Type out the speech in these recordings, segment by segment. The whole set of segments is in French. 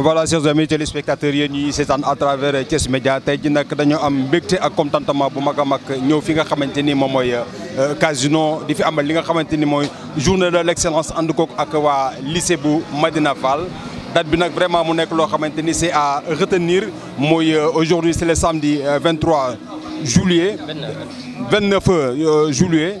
voilà chers amis téléspectateurs yéen ñi seetaan à travers Thiès Média tey ji nag dañoo am mbégte ak contentement bu mag a mag ñëw fi nga xamante ni euh, casino di fi amal li nga xamante ni journée de l'excellence ànd ko ak waa lycée bu Madina Fall date bi nag vraiment mu nekk loo xamante c'est à retenir mooy euh, aujourd'hui c'est le samedi 23 euh, juillet 29 juillet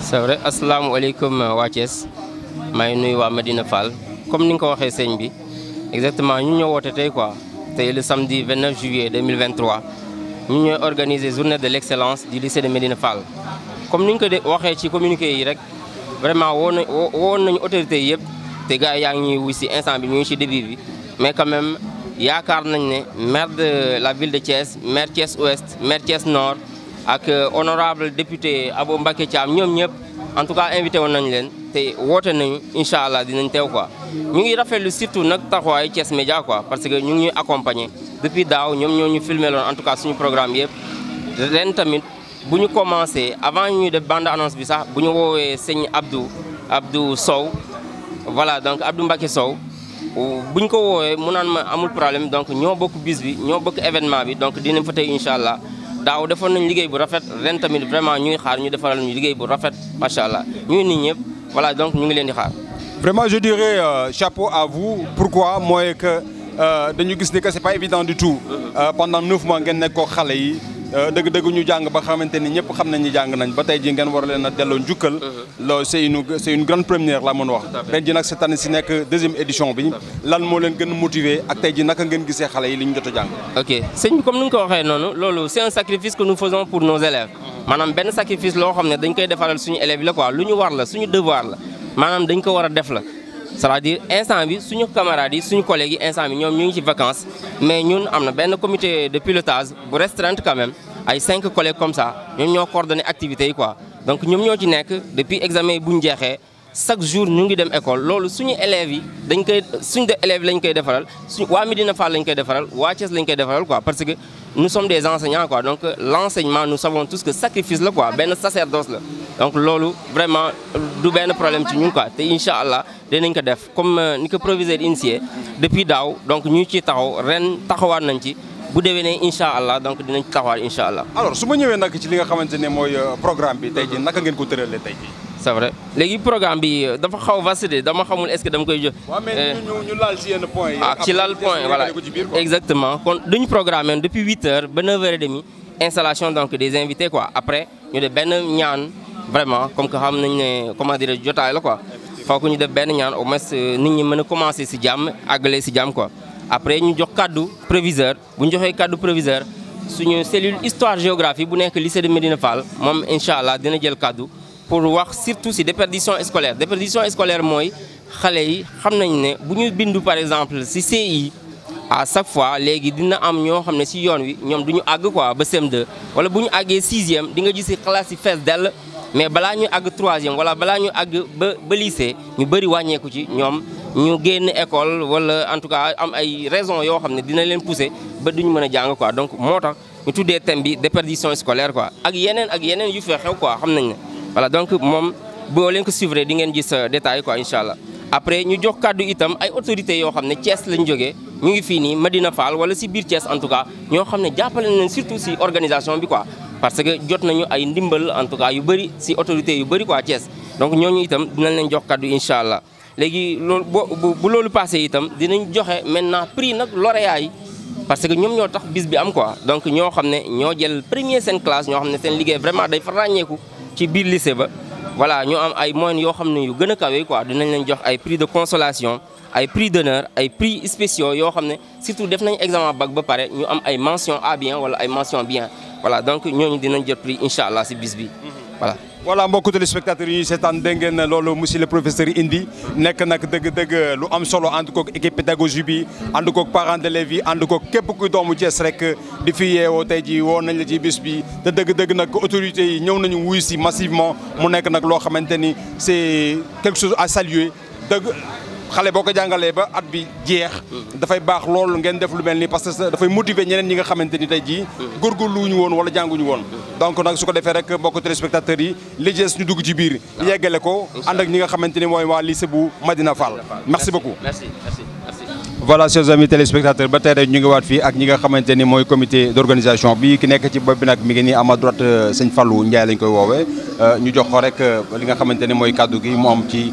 c'est vrai Assalamu alaikum, euh, Thiès Je suis à Fall comme nous nga ko waxee bi exactement ñu sommes woote tey le samedi 29 juillet 2023 avons organisé organiser journée de l'excellence du lycée de Medina Fall. comme nous nga ko waxee ci communiqué yi vraiment nous nañu autorité nañu autorités yëpp te ngi wuy instant mais quand même y nañ un maire de la ville de Thiès maire Thiès Ouest maire Thiès Nord ak euh, honorable député Abo Mbacké Thiam ñom ñep en tout cas invité won nañ leen té woté nañ inshallah dinañ teew quoi ñu ngi rafetlu surtout nag taxawaayu Thiès Média quoi parce que ñu ngi accompagner depuis daw ñom ñoo ñu filmé lon en tout cas suñu programme yëpp ren tamit buñu commencé avant ñu def bande annonce bi sax buñu ñu Seigne Abdou Abdou Sow voilà donc Abdou Mbacké Sow buñ ko woowee mu naan ma amul problème donc ñoo bokk bis bi ñoo bokk événement bi donc dinañ fa tay inshallah daw defon nañ liguey bu rafet ren tamit vraiment ñu ngi xaar ñu defaral ñu liguey bu rafet machallah ñuy nit ngi voilà donc ñu ngi leen di xaar. vraiment je dirais euh, chapeau à vous pourquoi mooy que euh dañu gis ni que c'est pas évident du tout. Euh, pendant 9 mois ngeen nek ko xalé yi deug deug ñu jang ba xamanteni ñepp ñëpp xam nañ ni jàng nañ ba tay ji ngeen war leena a delloo uh-huh. lo c'est une c'est une grande première la mon wax ben ji nak cette année si nekk deuxième édition bi lan mo leen gën a motiver ak tay ji naka ngeen gisee xalé yi li ñu jang ok sëñ comme ni ko waxé nonu lolu c'est un sacrifice que nous faisons pour nos élèves uh-huh. manam ben sacrifice lo xamné dañ koy défaral suñu élèves la quoi luñu war la suñu devoir la manam dañ ko wara def la c'est-à-dire instant bi suñu camarades nos suñu collègues nous sommes bi vacances mais nous avons un comité de pilotage bu restaurant quand même avec cinq collègues comme ça nous ñoo coordonné l'activité. quoi donc nous ñoo ci depuis l'examen de chaque jour ñu ngi dem école loolu suñu élèves yi dañ koy suñu élèves lañ koy defaral ou waa Médina Fall lañ koy defaral waa Thiès lañ koy defaral quoi parce que nous sommes des enseignants quoi donc euh, l'enseignement nous savons tous que sacrifice la quoi benn sacerdoce la donc loolu vraiment du ben problème ci nous quoi te inshallah, allah dinañ ko def comme euh, ni ko proviseur initié depuis daaw donc ñu ci taxaw ren taxawaat nañ ci bu déwénee incha allah donc dinañ taxawaat inshallah. allah. alors su nous ñëwee nag ci li nga xamante ne euh, programme bi tey jii naka ngeen ko tëralee c'est vrai léegi programme bi euh, dafa xaw vacillé dama xamul est-ce que dama koy jox. waaw mais euh, ñu ñu laal ci yenn point yi. Ah, ci laal point voilà exactement kon duñu programme depuis 8h, à 9h30, installation donc des invités quoi après ñu def benn ñaan vraiment comme que xam nañ ne comment dire jotaay la quoi. foog ñu def benn ñaan au moins euh, nit ñi mën a commencer ci jàmm àggale ci jàmm quoi après ñu jox kàddu proviseur bu ñu cadeau, kàddu proviseur suñu cellule histoire géographie bu nekk lycée de Medina Fall moom incha allah dina jël cadeau pour voir surtout si déperdition scolaire déperdition scolaire moy, xale yi xam ne bindu par exemple si CI à chaque fois légui dina am ño xamné ci si yoon wi ñom duñu ag quoi ba CM2 wala buñu ñu 6 sixième di nga gis classe yi fees dell mais bala ñu 3 troisième wala bala ñu ag ba ba lycée ñu wañé wàññeeku ci ñom ñu génn école wala en tout cas am ay raison yo xamné dina leen pousser ba duñu mëna jang quoi donc motax tax ñu tuddee thème bi déperdition scolaire quoi ak yenen, ak yenen yu fexew quoi xamnañ voilà donc moom boo leen ko suivre di ngeen gis euh, détail quoi incha allah après ñu jox kàddu itam ay autorités yoo xam ne Thiès lañ jógee ñu ngi fii nii Medina Fall wala si biir cees en tout cas ñoo xam ne jàppale nañ surtout si organisation bi quoi. parce que jot nañu ay ndimbal en tout cas yu bëri si autorité yu bëri quoi Thiès donc ñooñu itam dinañ leen jox kàddu incha allah léegi loolu boo bu loolu passé itam dinañ joxe maintenant prix nag lauréat yi. parce que ñoom ñoo tax bis bi am quoi donc ñoo xam ne ñoo jël premier seen classe ñoo xam ne seen liggéey vraiment day fa ràññeeku. ci lycée ba voilà ñu am ay moyens yo xamné yu quoi dinañ jox prix de consolation ay prix d'honneur ay prix spéciaux si xamné surtout def nañ examen bac ba paré ñu am mention A bien wala ay mention bien voilà donc dinañ jël prix inshallah ci bis voilà voilà beaucoup de yi ñuy seetaan dégg ngeen loolu monsieur le professeur indi nek nak deug deug lu am solo ànd équipe pédagogique, bi ànd parents d'élèves yi ànd koog képp ku doomu Thiès rek di fi yeewoo tay ji woo nañ la ci bis bi te deug deug nak autorités yi ñew nañu wuy massivement mu nek nak lo xamanteni c'est quelque chose à saluer deug xalé boko ko ba at bi jeex da fay bax loolu ngeen def lu melni parce que da fay motiver ñeneen ñi nga xamante ni tey jii ñu won wala jànguñu won donc nak suko ko rek mbokk téléspectateurs yi li jess ñu dugg ci biir yéggalé ko and ak ñi nga xamanteni moy wa lycée bu Madina Fall merci beaucoup merci merci voilà chers amis téléspectateurs ba tey rek ñu ngi waat fi ak ñi nga xamanteni moy comité d'organisation bi ki nekk ci bopp bi nag mi ngi nii à ma droite euh, sëñ Fallou Ndiaye lañ koy wowe euh, ñu jox ko rek euh, li nga xamanteni moy cadeau kàddu gi mu am ci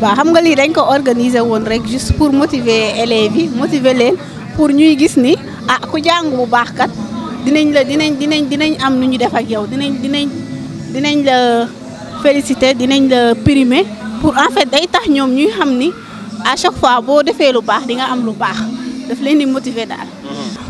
waaw xam nga lii dañ ko organiser woon rek juste pour motiver élèves yi motiver leen pour ñuy gis ni ah ku jàng bu baax kat dinañ la dinañ dinañ dinañ am nu ñu def ak yow dinañ dinañ dinañ la féliciter dinañ la primer pour en fait day tax ñoom ñuy xam ni à chaque fois boo defee lu baax di nga am lu baax daf leen di motiver daal. Mm-hmm.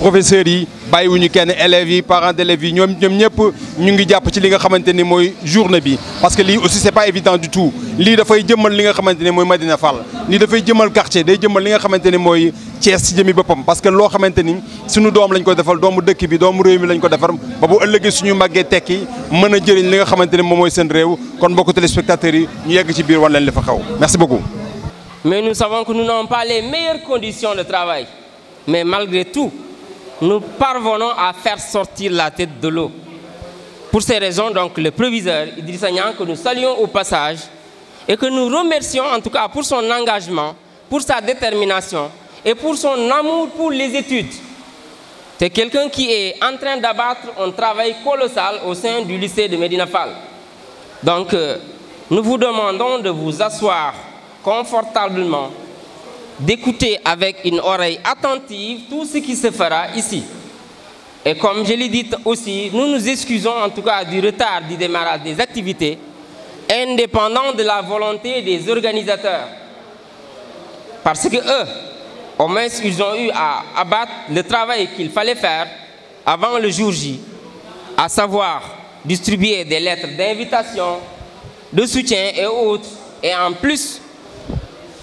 professeurs yi bàyyiwuñu kenn élèves yi parents d'élèves yi ñom ñoom ñëpp ñu ngi japp ci li nga xamanteni moy journée bi parce que li aussi c'est pas évident du tout li da fay jëmmal li nga xamanteni moy mooy Madina Fall da fay jëmmal quartier day jëmmal li nga xamanteni moy mooy Thiès ci jëmi boppam parce que lo xamanteni suñu doom lañ ko defal doomu dëkk bi doomu réew mi lañ ko defar ba bu ëllëgee suñu maggé tekki mëna jëriñ li nga xamanteni ni moom mooy seen réew kon mbokku téléspectateurs yi ñu yegg ci biir wan leen li fa xaw merci beaucoup Mais nous savons que nous n'avons pas les meilleures conditions de travail. Mais malgré tout, nous parvenons à faire sortir la tête de l'eau. Pour ces raisons, donc, le proviseur Idrissa Niang, que nous saluons au passage, et que nous remercions en tout cas pour son engagement, pour sa détermination et pour son amour pour les études. C'est quelqu'un qui est en train d'abattre un travail colossal au sein du lycée de Medina Fall. Donc, euh, nous vous demandons de vous asseoir confortablement d'écouter avec une oreille attentive tout ce qui se fera ici. Et comme je l'ai dit aussi, nous nous excusons en tout cas du retard du démarrage des activités, indépendant de la volonté des organisateurs. Parce que eux, au moins, ils ont eu à abattre le travail qu'il fallait faire avant le jour J, à savoir distribuer des lettres d'invitation, de soutien et autres, et en plus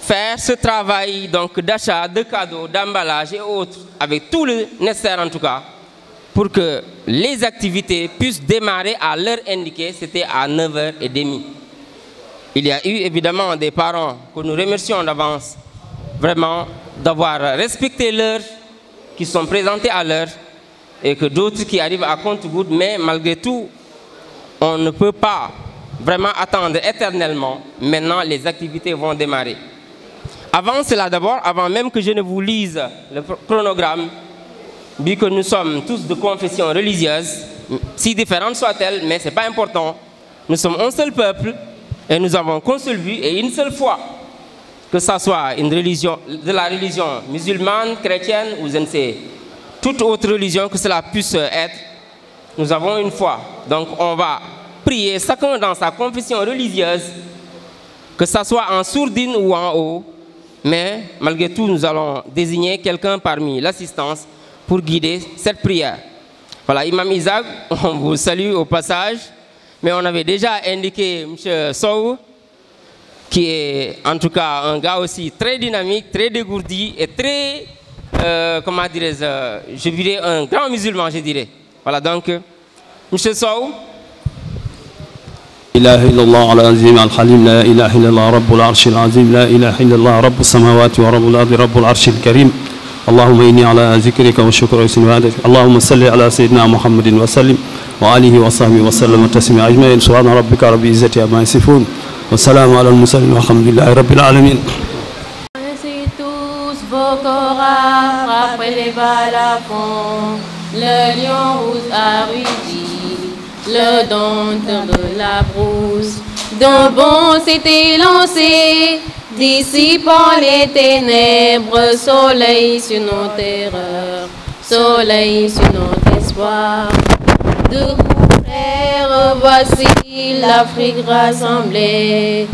faire ce travail donc d'achat, de cadeaux, d'emballage et autres, avec tout le nécessaire en tout cas, pour que les activités puissent démarrer à l'heure indiquée, c'était à 9h30. Il y a eu évidemment des parents que nous remercions d'avance, vraiment d'avoir respecté l'heure, qui sont présentés à l'heure, et que d'autres qui arrivent à compte-gouttes, mais malgré tout, on ne peut pas vraiment attendre éternellement. Maintenant, les activités vont démarrer. Avant cela d'abord, avant même que je ne vous lise le chronogramme, vu que nous sommes tous de confession religieuse, si différente soit elles mais ce n'est pas important, nous sommes un seul peuple et nous avons qu'un et une seule foi. Que ce soit une religion, de la religion musulmane, chrétienne ou je ne sais, toute autre religion que cela puisse être, nous avons une foi. Donc on va prier chacun dans sa confession religieuse, que ce soit en sourdine ou en haut, mais malgré tout, nous allons désigner quelqu'un parmi l'assistance pour guider cette prière. Voilà, Imam Isaac, on vous salue au passage. Mais on avait déjà indiqué M. Sou, qui est en tout cas un gars aussi très dynamique, très dégourdi et très, euh, comment dirais-je, euh, je dirais un grand musulman, je dirais. Voilà, donc, M. Sou, إله إلا الله على العظيم الحليم لا إله إلا الله رب العرش العظيم لا إله إلا الله رب السماوات ورب الأرض رب العرش الكريم اللهم إني على ذكرك وشكرك وحسن عبادتك اللهم صل على سيدنا محمد وسلم وآله وصحبه وسلم تسليما أجمعين سبحان ربك رب العزة عما يصفون والسلام على المرسلين والحمد لله رب العالمين Le lion rouge a rugi le don de la brousse, dont bon s'était lancé, dissipant les ténèbres, soleil sur nos terreurs, soleil sur notre espoir. De frères, voici l'Afrique rassemblée,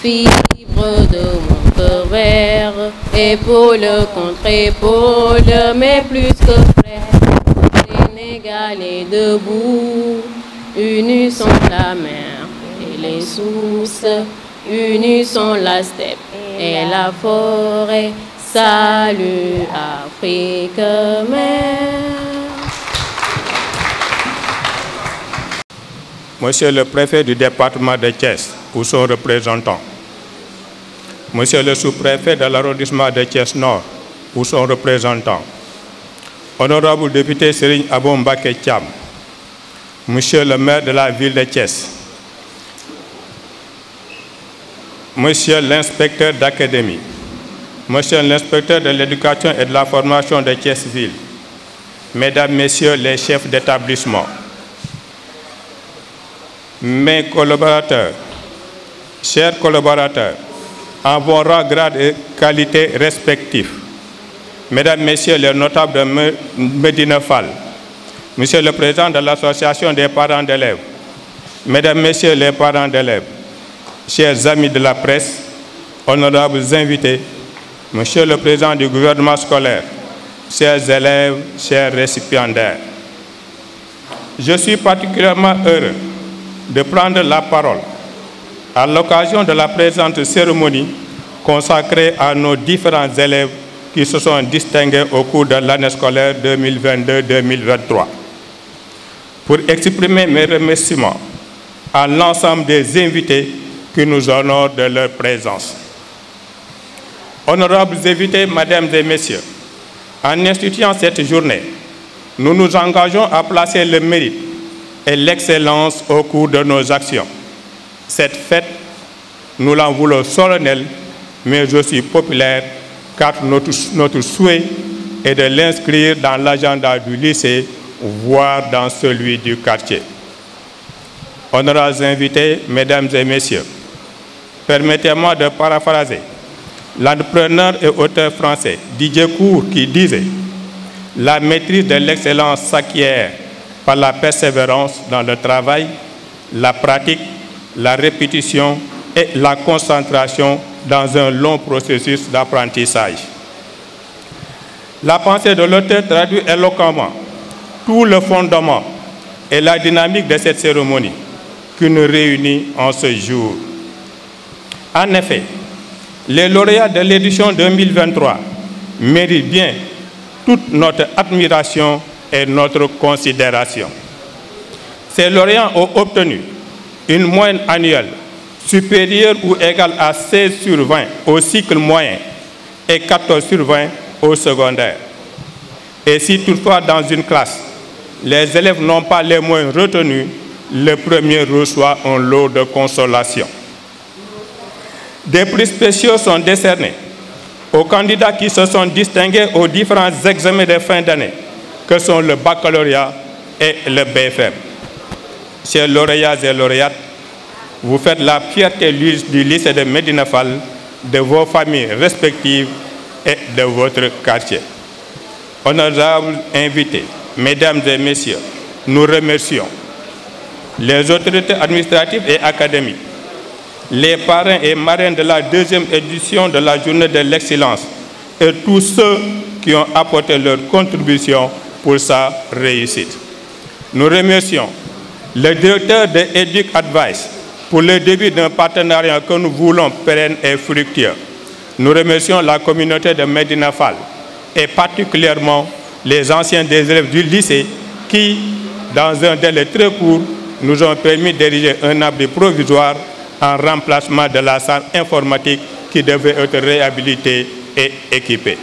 fibre de mon cœur vert, épaule contre épaule, mais plus que frère, Sénégal debout unis sont la mer et les sources, unis sont la steppe et la forêt. Salut Afrique mère. Monsieur le préfet du département de Thiès pour son représentant. Monsieur le sous-préfet de l'arrondissement de Thiès Nord pour son représentant. Honorable député Serigne Abomba tcham monsieur le maire de la ville de Thiès, monsieur l'inspecteur d'académie, monsieur l'inspecteur de l'éducation et de la formation de Thiès-Ville, mesdames, messieurs les chefs d'établissement, mes collaborateurs, chers collaborateurs, en vos rangs, grades et qualités respectifs, mesdames, messieurs les notables de Medina Monsieur le Président de l'Association des parents d'élèves, Mesdames, Messieurs les parents d'élèves, chers amis de la presse, honorables invités, Monsieur le Président du gouvernement scolaire, chers élèves, chers récipiendaires, je suis particulièrement heureux de prendre la parole à l'occasion de la présente cérémonie consacrée à nos différents élèves qui se sont distingués au cours de l'année scolaire 2022-2023 pour exprimer mes remerciements à l'ensemble des invités qui nous honorent de leur présence. Honorables invités, Mesdames et Messieurs, en instituant cette journée, nous nous engageons à placer le mérite et l'excellence au cours de nos actions. Cette fête, nous l'en voulons solennelle, mais aussi populaire, car notre, notre souhait est de l'inscrire dans l'agenda du lycée voire dans celui du quartier. Honorables invités, mesdames et messieurs, permettez-moi de paraphraser l'entrepreneur et auteur français Didier Cour qui disait La maîtrise de l'excellence s'acquiert par la persévérance dans le travail, la pratique, la répétition et la concentration dans un long processus d'apprentissage. La pensée de l'auteur traduit éloquemment tout le fondement et la dynamique de cette cérémonie qui nous réunit en ce jour. En effet, les lauréats de l'édition 2023 méritent bien toute notre admiration et notre considération. Ces lauréats ont obtenu une moyenne annuelle supérieure ou égale à 16 sur 20 au cycle moyen et 14 sur 20 au secondaire. Et si toutefois dans une classe, les élèves n'ont pas les moins retenus, le premier reçoit un lot de consolation. Des prix spéciaux sont décernés aux candidats qui se sont distingués aux différents examens de fin d'année, que sont le baccalauréat et le BFM. Chers lauréats et lauréates, vous faites la fierté du lycée de Médinafal, de vos familles respectives et de votre quartier. Honorables invités, Mesdames et Messieurs, nous remercions les autorités administratives et académiques, les parrains et marraines de la deuxième édition de la Journée de l'Excellence et tous ceux qui ont apporté leur contribution pour sa réussite. Nous remercions le directeur de Educ Advice pour le début d'un partenariat que nous voulons pérenne et fructueux. Nous remercions la communauté de Medina et particulièrement les anciens des élèves du lycée qui, dans un délai très court, nous ont permis d'ériger un abri provisoire en remplacement de la salle informatique qui devait être réhabilitée et équipée.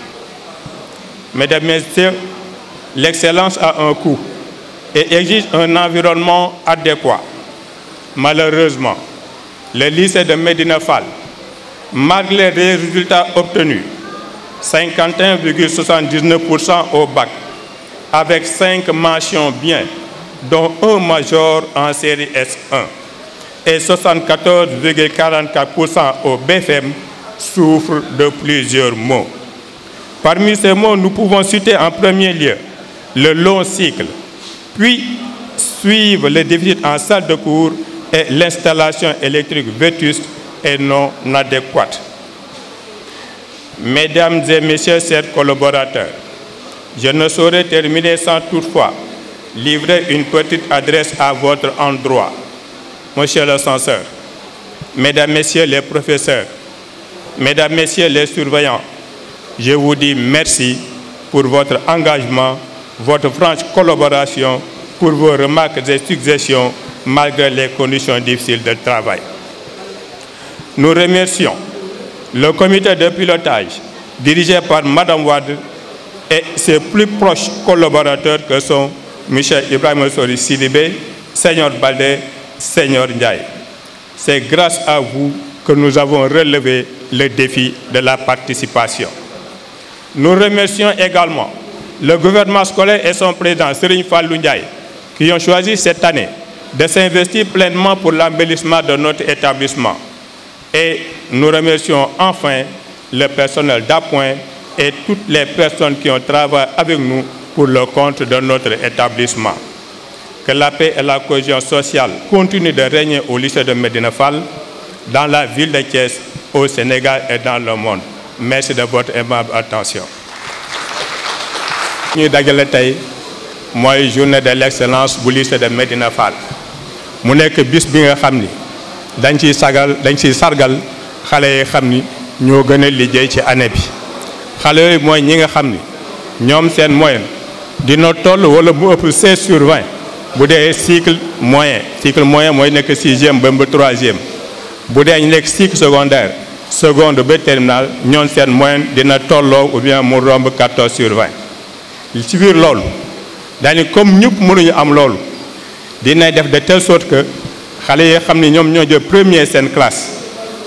Mesdames, et Messieurs, l'excellence a un coût et exige un environnement adéquat. Malheureusement, le lycée de Medina Fall, malgré les résultats obtenus, 51,79% au bac, avec 5 mentions bien, dont un major en série S1, et 74,44% au BFM souffrent de plusieurs mots. Parmi ces mots, nous pouvons citer en premier lieu le long cycle, puis suivre les déficits en salle de cours et l'installation électrique vétuste et non adéquate. Mesdames et Messieurs, chers collaborateurs, je ne saurais terminer sans toutefois livrer une petite adresse à votre endroit. Monsieur le censeur, Mesdames, Messieurs les professeurs, Mesdames, et Messieurs les surveillants, je vous dis merci pour votre engagement, votre franche collaboration, pour vos remarques et suggestions malgré les conditions difficiles de travail. Nous remercions le comité de pilotage, dirigé par Madame Wad et ses plus proches collaborateurs que sont Michel Ibrahim Sori Sidibé, Seigneur Baldé, Seigneur Ndiaye. C'est grâce à vous que nous avons relevé le défi de la participation. Nous remercions également le gouvernement scolaire et son président, Serigne Fallou qui ont choisi cette année de s'investir pleinement pour l'embellissement de notre établissement. Et nous remercions enfin le personnel d'appoint et toutes les personnes qui ont travaillé avec nous pour le compte de notre établissement. Que la paix et la cohésion sociale continuent de régner au lycée de Medinafal, dans la ville de Thiès, au Sénégal et dans le monde. Merci de votre aimable attention. de l'excellence lycée de sargal xalé yi xam ñoo gëna a ci année bi xalé yooyu mooy ñi nga xamni ñom seen moyenne dina toll wala mu ëpp 16 sur 20 bu dé cycle moyen cycle moyen nek 6 sixième ba 3 troisième bu dé ñu cycle secondaire seconde ba terminal ñoom seen moyenne dina tollo ou bien mu romb 14 sur 20 ci biir loolu daani comme ñëpp mënuñu am loolu dina def de telle sorte que xalé yi xam ni ñoo jël premier sen classe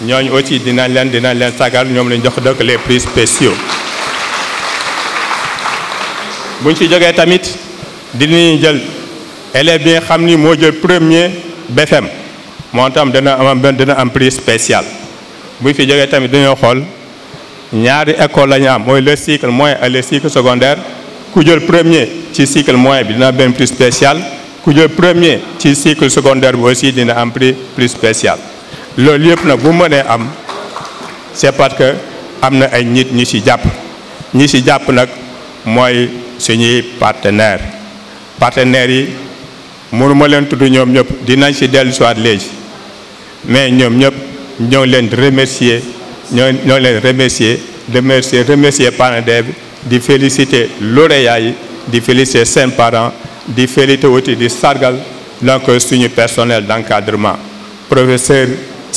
ñooñu aussi dinañ leen dinañ leen sagal ñoom lañ jox donc les prix spéciaux buñ ci jógee tamit dinañ jël élève bi nga xam ni moo jël premier BFM e moo tam dana am dana am prix spécial buñ fi jógee tamit dañoo xool ñaari école la ñu am mooy le cycle moyen et le cycle secondaire ku jël premier ci cycle moyen bi dina am benn prix spécial ku jël premier ci cycle secondaire bi aussi dina am prix plus spécial le lieu nag bu c'est parce que am ay nit ñi ci ñi partenaires yi leen tudd léegi mais remercier ñoo remercier remercier parents di féliciter féliciter Saint parents di féliciter aussi di sargal personnel d'encadrement professeur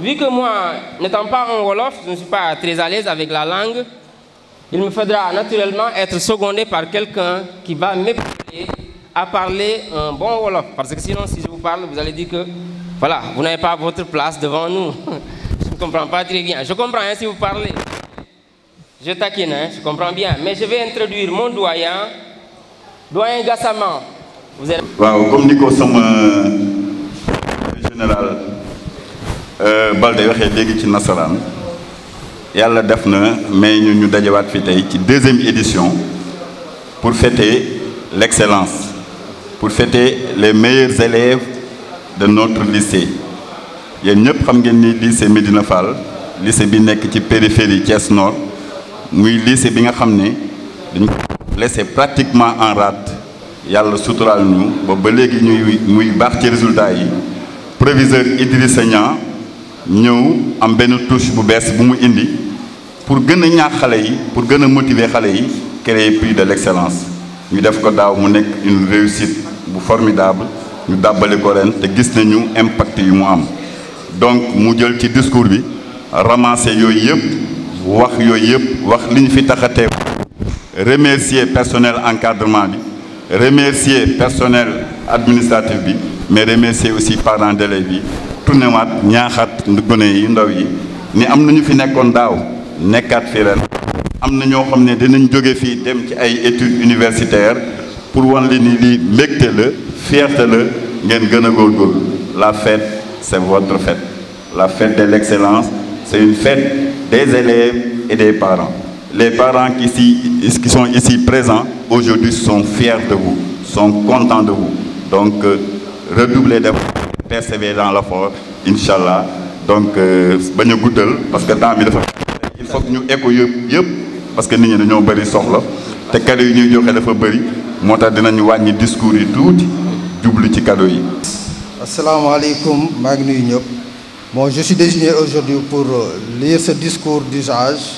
Vu que moi, n'étant pas un Wolof, je ne suis pas très à l'aise avec la langue, il me faudra naturellement être secondé par quelqu'un qui va m'épauler à parler un bon Wolof. Parce que sinon, si je vous parle, vous allez dire que, voilà, vous n'avez pas votre place devant nous. je ne comprends pas très bien. Je comprends hein, si vous parlez. Je taquine, hein, je comprends bien. Mais je vais introduire mon doyen, doyen Gassaman. Vous comme dit le euh, général, euh, Balde waxee léegi ci nasaran yalla def na may ñu ñu dajawaat fi tay ci deuxième édition pour fêter l'excellence pour fêter les meilleurs élèves de notre lycée yéen ñep xam ngeen ni lycée medina Fall lycée bi nekk ci périphérie Thiès Nord muy lycée bi nga xam ne dañu laissé pratiquement en rate. yàlla suturaal ñu ba ba léegi ñuy muy baax ci résultat yi proviseur Idrissa Niang ñëw am benn touche bu bees bu mu indi pour gën a ñaax xale yi pour gën a motiver xale yi créer prix de l'excellence ñu def ko daaw mu nekk une réussite bu formidable ñu dàbbali ko ren te gis nañu impact yu mu am donc mu jël ci discours bi ramasser yooyu yëpp wax yooyu yëpp wax li ñu fi tax remercier personnel encadrement bi remercier personnel administratif bi mais remercier aussi parents d'élèves bi retourné waat ñaaxaat yi ndaw yi ni amna ñu fi nekkon daw nekkat fi ren amna ño xamne ne dinañ jóge fii dem ci ay études universitaires pour wan li ni li mbégte le fierté le ngeen gën a la fête c'est votre fête la fête de l'excellence c'est une fête des élèves et des parents les parents qui, ici, qui sont ici présents aujourd'hui sont fiers de vous sont contents de vous donc euh, redoublez d'efforts persévérer dans l'effort inchallah donc euh, bañ a parce que tant de dafa il faut que nous écoutions parce que nit ñi dañoo bëri soxla te cadeau yi ñuy joxe dafa bëri nous dinañu wàññi discours tout, tuuti jublu ci cadeau yi. asalaamaaleykum maa Assalamu alaikum, bon je suis désigné aujourd'hui pour euh, lire ce discours d'usage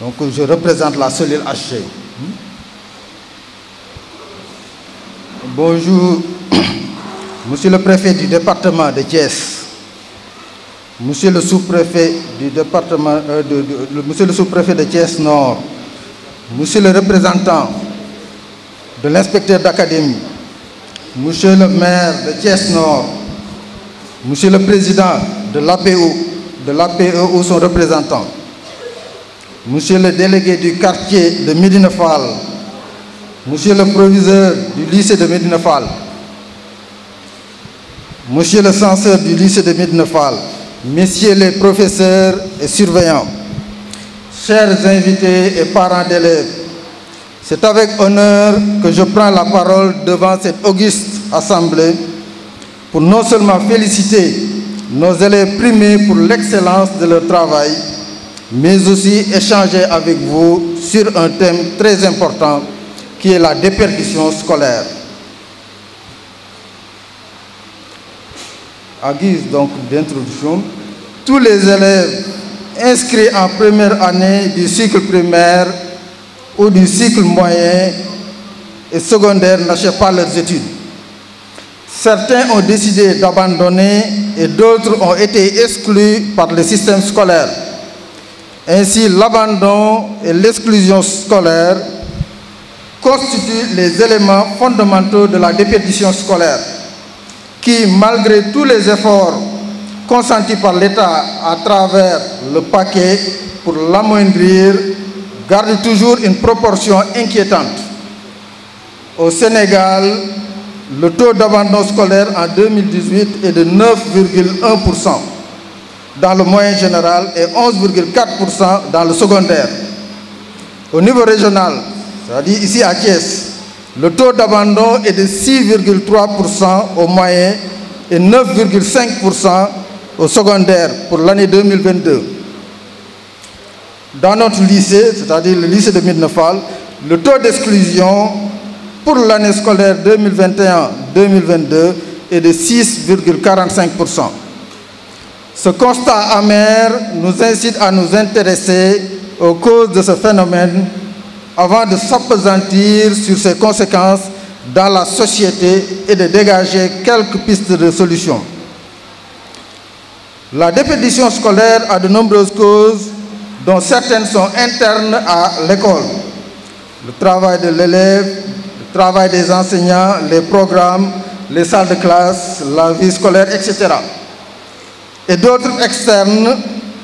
donc je représente la cellule HG. Hmm? Bonjour. Monsieur le préfet du département de Thiès, Monsieur le sous-préfet du département euh, de, Monsieur le sous-préfet de Thiès Nord, Monsieur le représentant de l'inspecteur d'académie, Monsieur le maire de Thiès Nord, Monsieur le président de l'APO, de l'APE ou son représentant, Monsieur le délégué du quartier de Médinefal, Monsieur le proviseur du lycée de Médinefal, monsieur le censeur du lycée de Midnefal, messieurs les professeurs et surveillants, chers invités et parents d'élèves, c'est avec honneur que je prends la parole devant cette auguste assemblée pour non seulement féliciter nos élèves primés pour l'excellence de leur travail, mais aussi échanger avec vous sur un thème très important qui est la dépercussion scolaire. à guise donc d'introduction, tous les élèves inscrits en première année du cycle primaire ou du cycle moyen et secondaire n'achètent pas leurs études. Certains ont décidé d'abandonner et d'autres ont été exclus par le système scolaire. Ainsi, l'abandon et l'exclusion scolaire constituent les éléments fondamentaux de la dépétition scolaire qui, malgré tous les efforts consentis par l'État à travers le paquet pour l'amoindrir, garde toujours une proportion inquiétante. Au Sénégal, le taux d'abandon scolaire en 2018 est de 9,1% dans le moyen général et 11,4% dans le secondaire. Au niveau régional, c'est-à-dire ici à Thiès, le taux d'abandon est de 6,3% au moyen et 9,5% au secondaire pour l'année 2022. Dans notre lycée, c'est-à-dire le lycée de Midnefal, le taux d'exclusion pour l'année scolaire 2021-2022 est de 6,45%. Ce constat amer nous incite à nous intéresser aux causes de ce phénomène avant de s'apesantir sur ses conséquences dans la société et de dégager quelques pistes de solutions. La dépédition scolaire a de nombreuses causes, dont certaines sont internes à l'école. Le travail de l'élève, le travail des enseignants, les programmes, les salles de classe, la vie scolaire, etc. Et d'autres externes,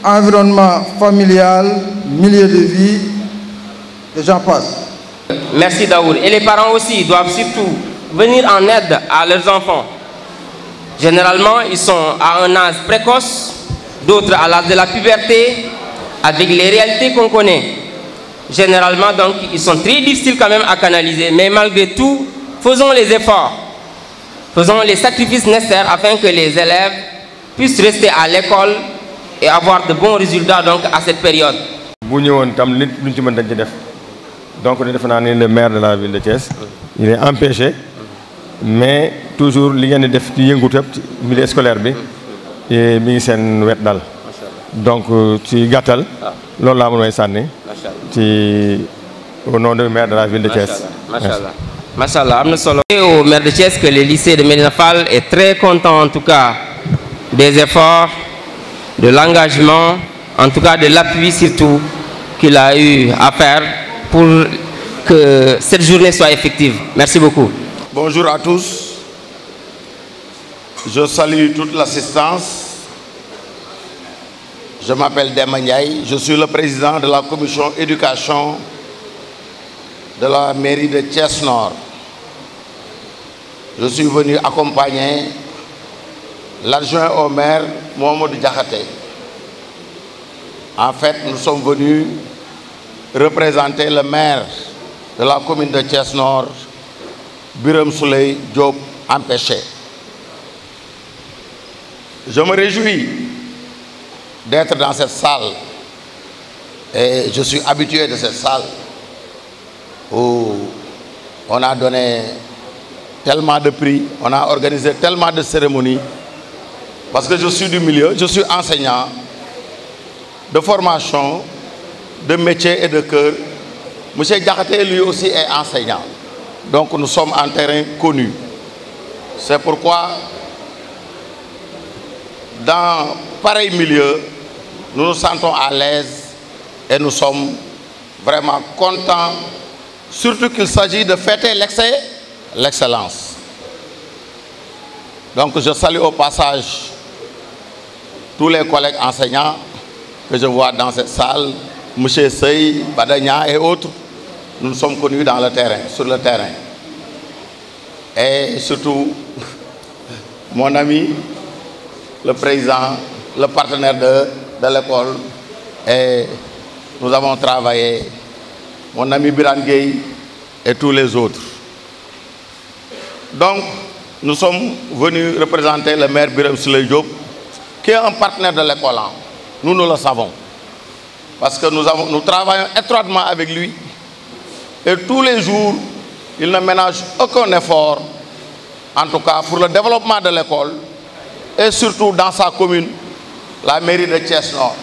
environnement familial, milieu de vie, Merci Daoul. Et les parents aussi doivent surtout venir en aide à leurs enfants. Généralement, ils sont à un âge précoce, d'autres à l'âge de la puberté, avec les réalités qu'on connaît. Généralement, donc, ils sont très difficiles quand même à canaliser. Mais malgré tout, faisons les efforts, faisons les sacrifices nécessaires afin que les élèves puissent rester à l'école et avoir de bons résultats donc à cette période donc nous ni le maire de la ville de Thiès. il est empêché. mais toujours li a di def milieu scolaire bi. mi ngi seen wet donc tu euh, gàttal. Ah. loolu laa mën Je au nom du maire de la ville de Thiès. Masha'Allah. Masha'Allah. macha au maire de Thiès que le lycée de Médinafal est très content en tout cas des efforts de l'engagement en tout cas de l'appui surtout qu'il a eu à faire pour que cette journée soit effective. Merci beaucoup. Bonjour à tous. Je salue toute l'assistance. Je m'appelle Demagnaï. Je suis le président de la commission éducation de la mairie de Thiès Nord. Je suis venu accompagner l'adjoint au maire Mohamed Djakate. En fait, nous sommes venus représenter le maire de la commune de Thiès Nord, Biram Souley Diop empêché. Je me réjouis d'être dans cette salle et je suis habitué de cette salle où on a donné tellement de prix, on a organisé tellement de cérémonies parce que je suis du milieu, je suis enseignant de formation de métier et de cœur. M. Diakhaté, lui aussi, est enseignant. Donc nous sommes en terrain connu. C'est pourquoi, dans pareil milieu, nous nous sentons à l'aise et nous sommes vraiment contents, surtout qu'il s'agit de fêter l'excellence. Donc je salue au passage tous les collègues enseignants que je vois dans cette salle, M. Sey, Badania et autres, nous sommes connus dans le terrain, sur le terrain. Et surtout, mon ami, le président, le partenaire de, de l'école, et nous avons travaillé, mon ami Biranguei et tous les autres. Donc, nous sommes venus représenter le maire Birem qui est un partenaire de l'école. Hein. Nous, nous le savons parce que nous, nous travaillons étroitement avec lui. Et tous les jours, il ne ménage aucun effort, en tout cas pour le développement de l'école, et surtout dans sa commune, la mairie de Thiès Nord.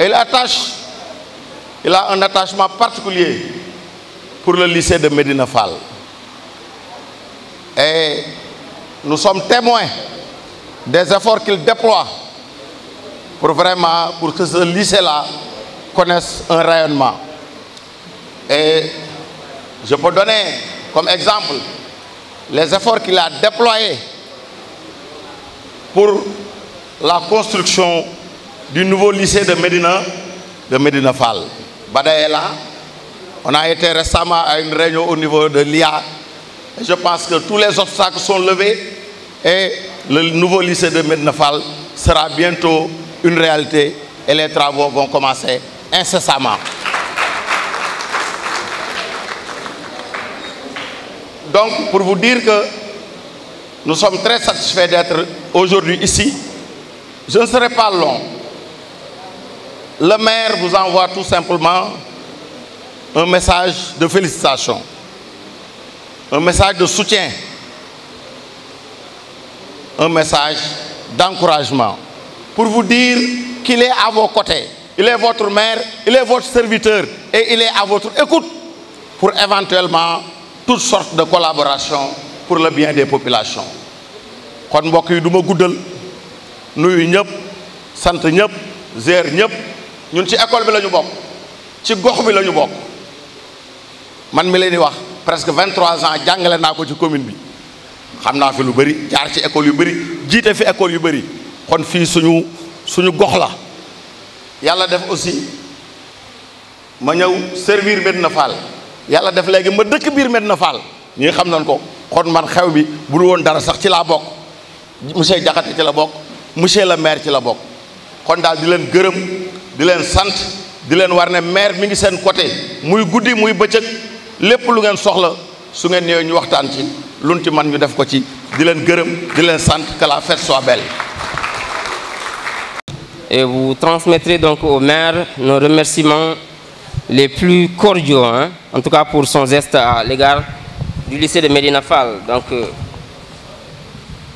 Il attache, il a un attachement particulier pour le lycée de Médinefal. Fall. Et nous sommes témoins des efforts qu'il déploie pour vraiment, pour que ce lycée-là connaissent un rayonnement. Et je peux donner comme exemple les efforts qu'il a déployés pour la construction du nouveau lycée de Médina, de Médina Fall. On a été récemment à une réunion au niveau de l'IA. Je pense que tous les obstacles sont levés et le nouveau lycée de Médina sera bientôt une réalité et les travaux vont commencer incessamment. Donc, pour vous dire que nous sommes très satisfaits d'être aujourd'hui ici, je ne serai pas long. Le maire vous envoie tout simplement un message de félicitations, un message de soutien, un message d'encouragement pour vous dire qu'il est à vos côtés il est votre maire, il est votre serviteur et il est à votre écoute pour éventuellement toutes sortes de collaborations pour le bien des populations Quand vous yi du ma nous, nuyu nous, nous sommes géer ñëpp ñun ci école bi la ñu bokk ci bi man mi lay presque 23 ans jàngale naa ko ci commune bi xamna fi lu bari jaar ci école yu bari jité fi école yu bari kon fi suñu suñu la yàlla def aussi ma ñëw servir Medina Fall yàlla def léegi ma dëkk biir Medina Fall ñi xam nañ ko kon man xew bi bu dul woon dara sax ci laa bokk monsieur Diakhaté ci la bokk monsieur le maire ci la bokk kon daal di leen gërëm di leen sant di leen war ne maire mi ngi seen côté muy guddi muy bëccëg lépp lu ngeen soxla su ngeen ñëwee ñu waxtaan ci luñ ci man ñu def ko ci di leen gërëm di leen sant que la fête soit et vous transmettrez donc au maire nos remerciements les plus cordiaux, hein, en tout cas pour son geste à l'égard du lycée de Medina Donc, euh,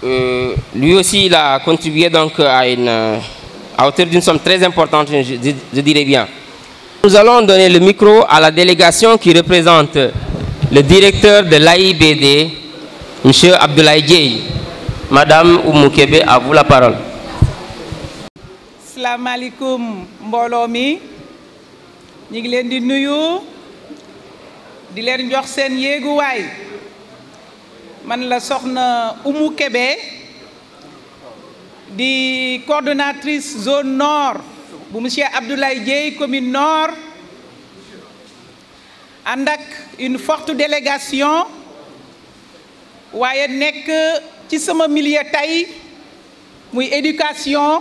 euh, lui aussi, il a contribué donc à, une, hauteur d'une somme très importante, je, dirais bien. Nous allons donner le micro à la délégation qui représente le directeur de l'AIBD, M. Abdoulaye Gueye. Madame Oumoukebe, à vous la parole. La mbolo mi ñi ngi di nuyu man la Oumou di coordonnatrice zone nord monsieur Abdoulaye djey commune nord andak une forte délégation waaye nek ci sama milieu tay muy éducation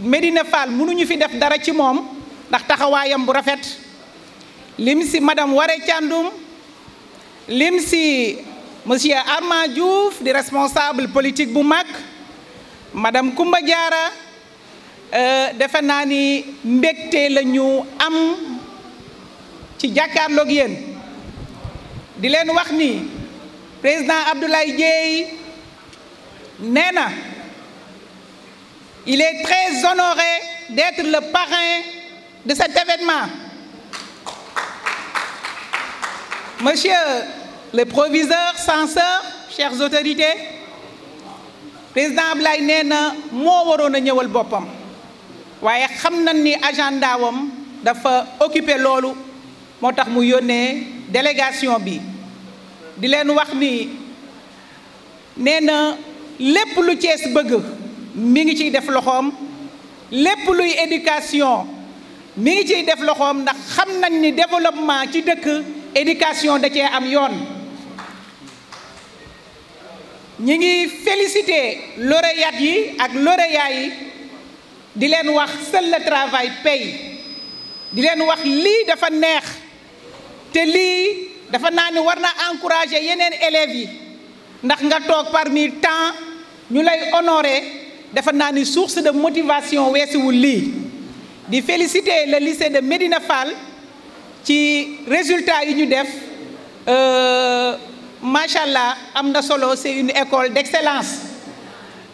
Médina Fall mënuñu fi def dara ci moom ndax taxawaayam bu rafet lim si madame Waré Thiandoum lim si monsieur Armand Diouf di responsable politique bu mag madame Koumba Diarra euh, defe naa ni mbégte lañu am ci jàkkaarloog yéen di leen wax ni président Abdoulaye Dièye nee na Il est très honoré d'être le parrain de cet événement. Monsieur le proviseur, censeur, chères autorités, président Blay nee na moo waroon a ñëwal boppam que xam nañ ni agenda wam dafa occupé loolu moo tax mu la délégation bi di leen wax ni nee mi ngi ciy def loxoom lépp luy éducation mi ngi ciy def loxoom ndax xam nañ ni développement ci dëkk éducation da cee am yoon ñi ngi félicité lauréat yi ak lauréat yi di leen wax seul le travail pay di leen wax lii dafa neex te lii dafa naa ni war na encourager yeneen élèves yi ndax nga toog parmi temps ñu lay honorer dafa une source de motivation weesuwul lii di féliciter le lycée de Medina Fall ci résultat yi ñu def euh, macha solo c'est une école d'excellence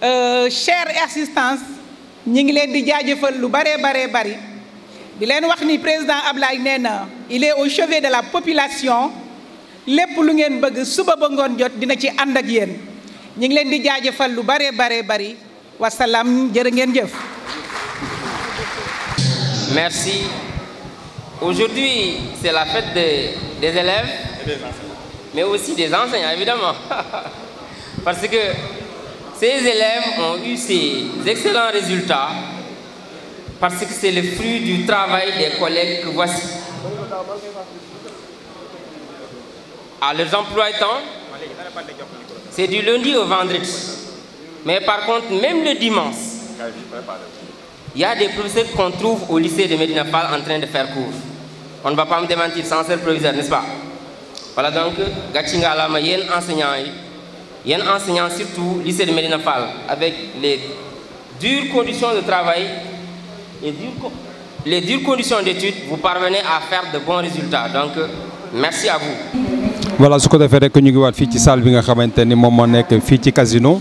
euh, chère assistance ñi ngi leen di jaajëfal lu bare bare bari di leen wax ni président Ablaye Néna, il est au chevet de la population Les lu ngeen bëgg suba ba ngoon jot dina ci and ak yeen ñi ngi leen di jaajëfal lu bare bare bari Merci. Aujourd'hui, c'est la fête des élèves, mais aussi des enseignants, évidemment. Parce que ces élèves ont eu ces excellents résultats parce que c'est le fruit du travail des collègues que voici. À leurs emplois temps, c'est du lundi au vendredi. Mais par contre, même le dimanche, il y a des professeurs qu'on trouve au lycée de Medina en train de faire cours. On ne va pas me démentir, censeur proviseur, n'est-ce pas Voilà donc, Gatchinga il y a un enseignant, il y enseignant surtout lycée de Medina avec les dures conditions de travail, les dures, les dures conditions d'études, vous parvenez à faire de bons résultats. Donc, merci à vous. Voilà ce que fait, que nous FITI Salvinga, salle, Fiti casino.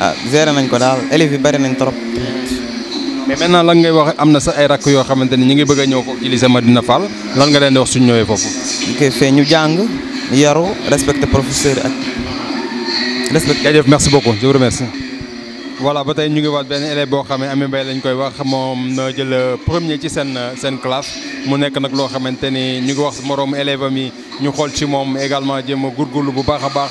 ah géré nañ ko daal élèves yi bari nañ trop. mais maintenant lan ngay wax am na sax ay rakk yoo xamante ni ñu ngi bëgg a ñëw ko ci lycée Madina Fall lan nga leen di wax suñ ñëwee foofu. ok fee ñu jàng yaru respecté professeur ak respecté. jaajëf merci beaucoup je vous remercie. voilà ba tey ñu ngi waat benn élève boo xamee Amy Mbaye lañ koy wax moom na jël premier ci seen seen classe mu nekk nag loo xamante ni ñu ngi wax moroomu élève am yi ñu xool ci moom également jéem a góorgóorlu bu baax a baax.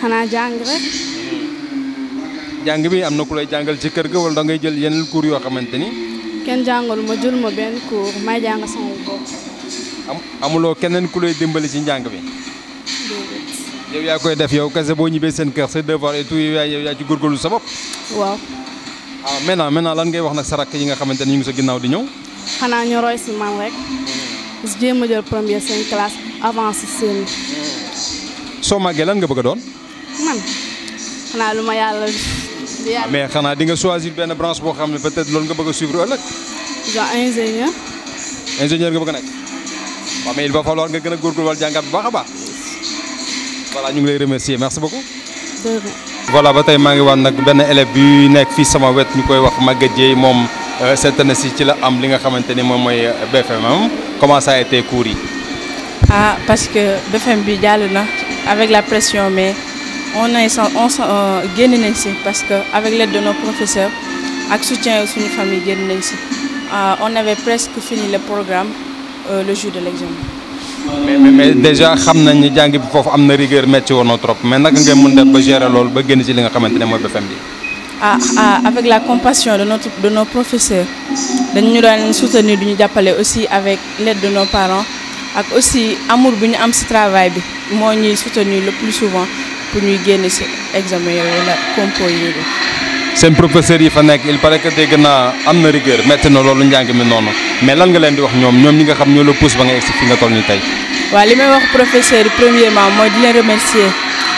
xanaa jàng rek. Hmm. jàng bi am na ku lay jàngal ci kër ga wala da ngay jël yeneen cours yoo xamante ni. kenn jàngalu ma jël ma benn cours may jàng sama bopp. am amuloo keneen ku lay dimbali ci njàng bi. yow yaa koy def yow kese boo ñibbee seen kër sa devoir et tout yaa ci góorgóorlu sa bopp. waaw. ah maintenant maintenant lan ngay wax nag sa rakk yi nga xamante ni ñu ngi sa ginnaaw di ñëw. xanaa ñu roy si man rek. Hmm. jéem a jël première seen classe avancé seen. soo màggee lan nga bëgg doon. man xanaa lu ma yàlla. Ah, mais xanaa di nga choisir benn branche boo xam ne peut-être loolu nga bëgg a suivre ëllëg. genre ingénieur. ingénieur nga bëgg a nekk. waaw mais il va falloir nga gën a góorgóorlu jàngat bu baax a baax. voilà ñu ngi lay remercier merci beaucoup. voilà ba tey maa ngi waan nag benn élève bi nekk fii sama wet ñu koy wax Maguette Dieye moom cette euh, année ci la am li nga xamante ni moom euh, BFM hein? comment ça a été cours ah parce que BFM bi jàll avec la pression mais on a on euh, génn parce que avec l'aide de nos professeurs ak soutien suñu famille génn nañ euh, on avait presque fini le programme euh, le jour de l'examen. mais déjà on sait ni jàng bi foofu am rigueur métti notre trop mais vous ngay ba gérer loolu ba génn ci li nga ah, ah, avec la compassion de notre de nos professeurs dañ ñu soutenu soutenir du jappalé aussi avec l'aide de nos parents et aussi amour buñu am si travail bi moo soutenir le plus souvent. pour ñuy génn si examen yooyu wala compo yooyu. seen professeurs yi fa nekk il paraît que dégg naa am na rigueur métti na loolu njàng mi noonu mais lan nga leen di wax ñoom ñoom ñi nga xam ñoo la pousse ba nga egsi fi nga toll ni tey. waaw li may wax professeurs yi premièrement mooy di leen remercier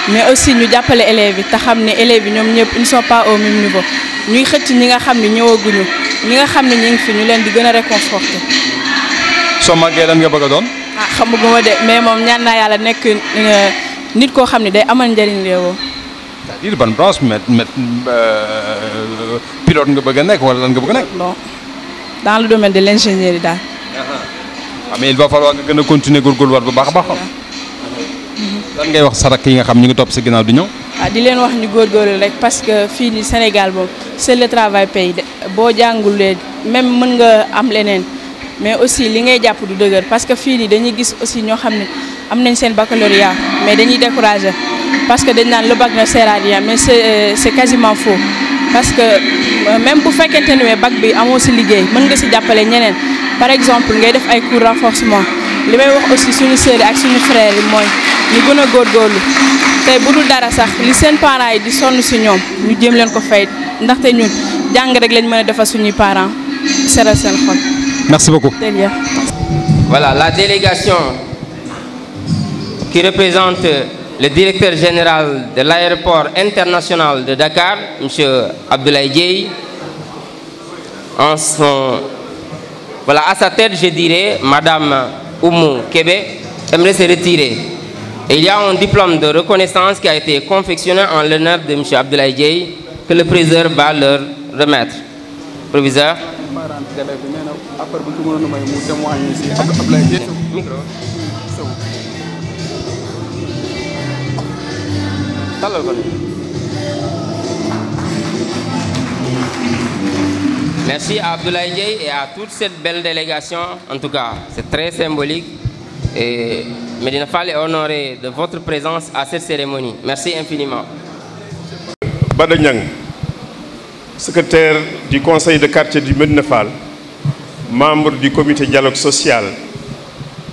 mais aussi ñu jàppale élèves yi te xam ne élèves yi ñoom ñëpp ñu ne sont pas au ñu niveau ñuy xëcc ñi nga xam ne ñëwaguñu ñi nga xam ne ñu ngi fi ñu leen di gën a réconforté. soo màggee lan nga bëgg a nit ko xamni day amal njëriñ réewam. c'est-à-dire ban branche met met euh, pilote nga bëgg nek wala lan nga bëgg nek non dans le domaine de l'ingénierie daal. ah mais il va falloir nga gëna continuer continuer war bu baax baax. lan ngay wax sarak yi nga xam ñu ngi top ci ginaaw di ñew ah di leen wax ñu góorgóorlu rek parce que fini Sénégal boobu c'est le travail pays de boo jàngulee même mën nga am lénen mais aussi li ngay japp du dëgër parce que fi ni dañuy gis aussi ño xamni am nañ sen baccalauréat mais dañuy décourager parce que dañ naan le bac ne sert à rien mais c'est euh, c'est quasiment faux parce que euh, même bu fekkente ne bac bi amo ci liguey mën nga ci jappalé ñenen par exemple ngay def ay cours renforcement li may wax aussi suñu sœurs ak suñu frères yi mooy ñu gëna a góorgóorlu tey bu dul dara sax li sen parents yi di sonu ci ñom ñu jëm leen ko fay ndaxte ñun jang rek lañ mëna a suñu parents seral seen xol. Merci beaucoup. Voilà, la délégation qui représente le directeur général de l'aéroport international de Dakar, M. Abdoulaye Dieye, en son... Voilà, à sa tête, je dirais, Madame Oumou Québec aimerait se retirer. il y a un diplôme de reconnaissance qui a été confectionné en l'honneur de M. Abdoulaye Jey, que le président va leur remettre. Proviseur. Merci à Abdoulaye Ndiaye et à toute cette belle délégation. En tout cas, c'est très symbolique. Et Medina Fall est honoré de votre présence à cette cérémonie. Merci infiniment. Badanyang secrétaire du conseil de quartier du Medina membre du comité dialogue social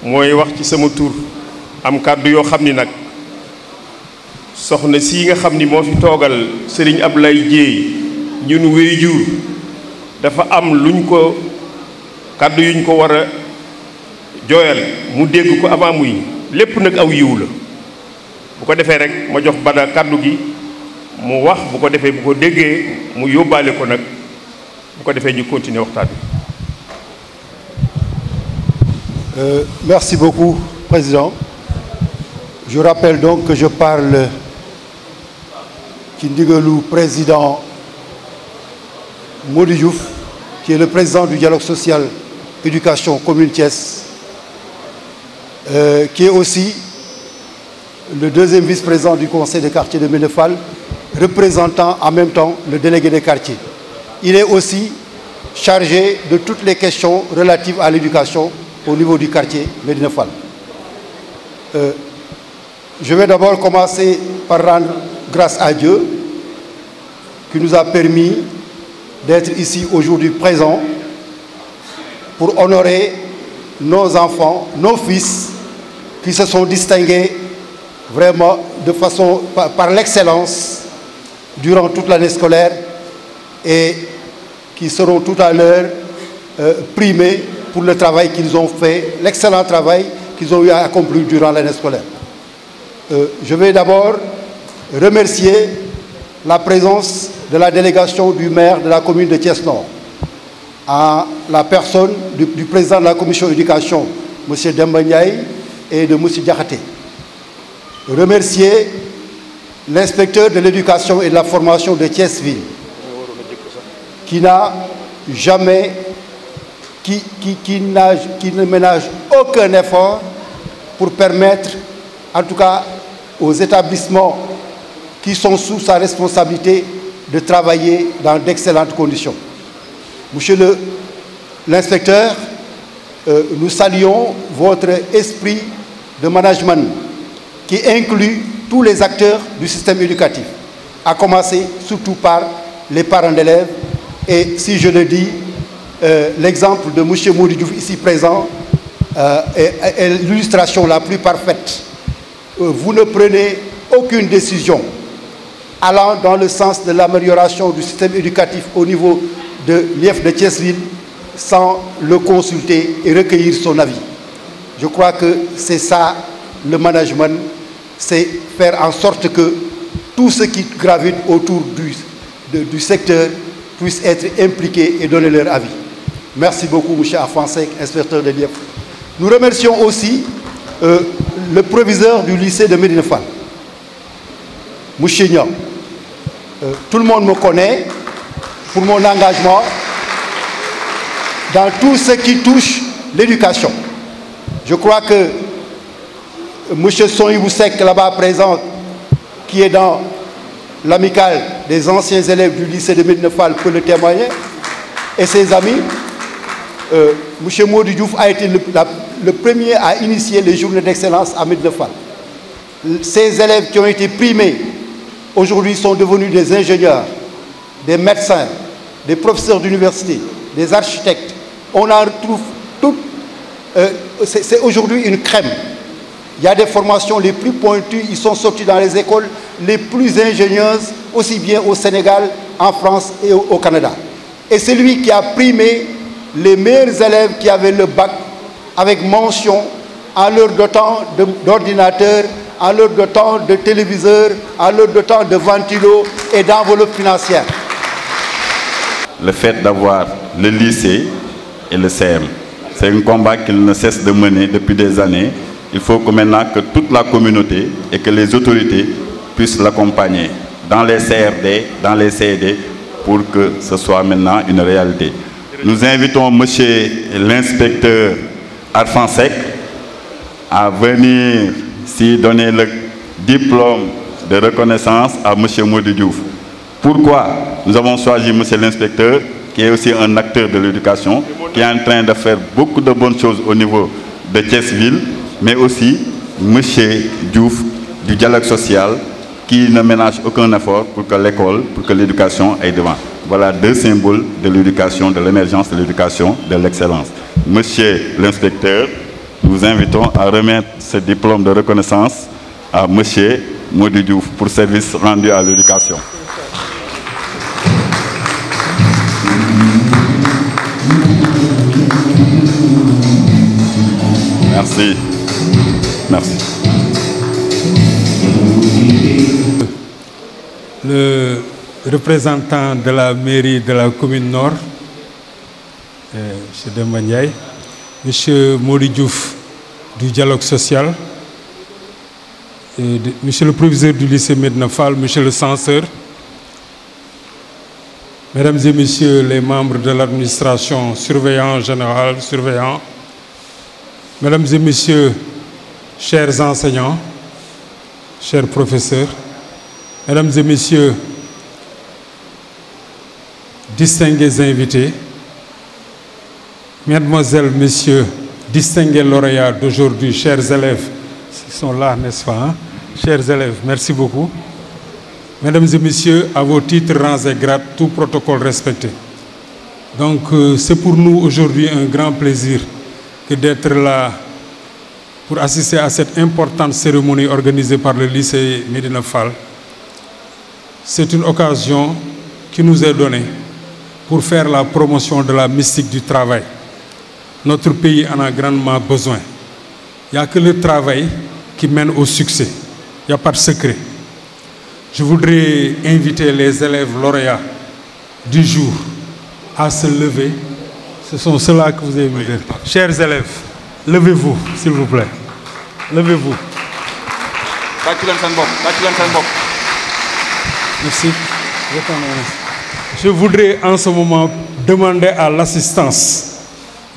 Moi, wax ci sama tour am kàddu yo xamni ni nag soxna si nga xamni ni fi togal Serigne Ablaye Dieye ñun wéy dafa am luñ ko kàddu yuñ ko wara mu dégg ko avant muy lepp nak aw yiw la bu ko défé rek ma jox bada kàddu gi Merci beaucoup président je rappelle donc que je parle ci ndigalu président Modijouf, qui est le président du dialogue social éducation commune euh, qui est aussi le deuxième vice-président du conseil des quartiers de Ménéfal représentant en même temps le délégué des quartiers. Il est aussi chargé de toutes les questions relatives à l'éducation au niveau du quartier médine euh, je vais d'abord commencer par rendre grâce à Dieu qui nous a permis d'être ici aujourd'hui présents pour honorer nos enfants, nos fils qui se sont distingués vraiment de façon par l'excellence durant toute l'année scolaire et qui seront tout à l'heure euh, primés pour le travail qu'ils ont fait, l'excellent travail qu'ils ont eu à accomplir durant l'année scolaire. Euh, je vais d'abord remercier la présence de la délégation du maire de la commune de Thiès-Nord, à la personne du, président de la commission d'éducation, M. Dembagnaï, et de M. Diakhaté. Remercier l'inspecteur de l'éducation et de la formation de thiès qui n'a jamais, qui, qui, qui, ne ménage aucun effort pour permettre, en tout cas aux établissements qui sont sous sa responsabilité, de travailler dans d'excellentes conditions. Monsieur l'inspecteur, euh, nous saluons votre esprit de management qui inclut tous les acteurs du système éducatif, à commencer surtout par les parents d'élèves. Et si je le dis, euh, l'exemple de M. Mouridjouf ici présent euh, est, l'illustration la plus parfaite. Euh, vous ne prenez aucune décision allant dans le sens de l'amélioration du système éducatif au niveau de l'IEF de Thiesville sans le consulter et recueillir son avis. Je crois que c'est ça le management c'est faire en sorte que tous ceux qui gravitent autour du, secteur puissent être impliqués et donner leur avis. Merci beaucoup, M. Afansek, inspecteur de l'IEF. Nous remercions aussi euh, le proviseur du lycée de Médinefan, M. Euh, tout le monde me connaît pour mon engagement dans tout ce qui touche l'éducation. Je crois que Monsieur Boussek, là-bas présent, qui est dans l'amicale des anciens élèves du lycée de Midnefal, peut le témoigner, et ses amis. M. Euh, Monsieur a été le, premier à initier les journées d'excellence à Midnefal. Ces élèves qui ont été primés, aujourd'hui sont devenus des ingénieurs, des médecins, des professeurs d'université, des architectes. On en retrouve tout. Euh, c'est aujourd'hui une crème. Il y a des formations les plus pointues, ils sont sortis dans les écoles les plus ingénieuses, aussi bien au Sénégal, en France et au Canada. Et c'est lui qui a primé les meilleurs élèves qui avaient le bac avec mention à leur de temps, d'ordinateur, leur l'heure de téléviseurs, en leur dotant de ventilo et d'enveloppe financière. Le fait d'avoir le lycée et le CM, c'est un combat qu'il ne cesse de mener depuis des années il faut que maintenant que toute la communauté et que les autorités puissent l'accompagner dans les CRD, dans les CD, e pour que ce soit maintenant une réalité. Nous invitons monsieur l'inspecteur Arfansec à venir s'y donner le diplôme de reconnaissance à monsieur Moudi Pourquoi nous avons choisi monsieur l'inspecteur, qui est aussi un acteur de l'éducation, qui est en train de faire beaucoup de bonnes choses au niveau de thiès mais aussi M. Diouf du dialogue social qui ne ménage aucun effort pour que l'école, pour que l'éducation aille devant. Voilà deux symboles de l'éducation, de l'émergence de l'éducation, de l'excellence. Monsieur l'inspecteur, nous vous invitons à remettre ce diplôme de reconnaissance à M. Modi Diouf pour service rendu à l'éducation. Merci. Merci. Le représentant de la mairie de la commune Nord, euh, M. monsieur M. Mori du dialogue social, M. le proviseur du lycée Mednafal, M. le censeur, Mesdames et Messieurs les membres de l'administration, surveillants général, surveillant, Mesdames et Messieurs chers enseignants, chers professeurs, mesdames et messieurs, distingués invités, mesdemoiselles, messieurs, distingués lauréats d'aujourd'hui, chers élèves, qui sont là, n'est-ce pas hein? Chers élèves, merci beaucoup. Mesdames et messieurs, à vos titres, rangs et grades, tout protocole respecté. Donc, euh, c'est pour nous aujourd'hui un grand plaisir que d'être là pour assister à cette importante cérémonie organisée par le lycée Medina C'est une occasion qui nous est donnée pour faire la promotion de la mystique du travail. Notre pays en a grandement besoin. Il n'y a que le travail qui mène au succès. Il n'y a pas de secret. Je voudrais inviter les élèves lauréats du jour à se lever. Ce sont ceux-là que vous avez Chers élèves, Levez-vous, s'il vous plaît. Levez-vous. Merci. Je voudrais en ce moment demander à l'assistance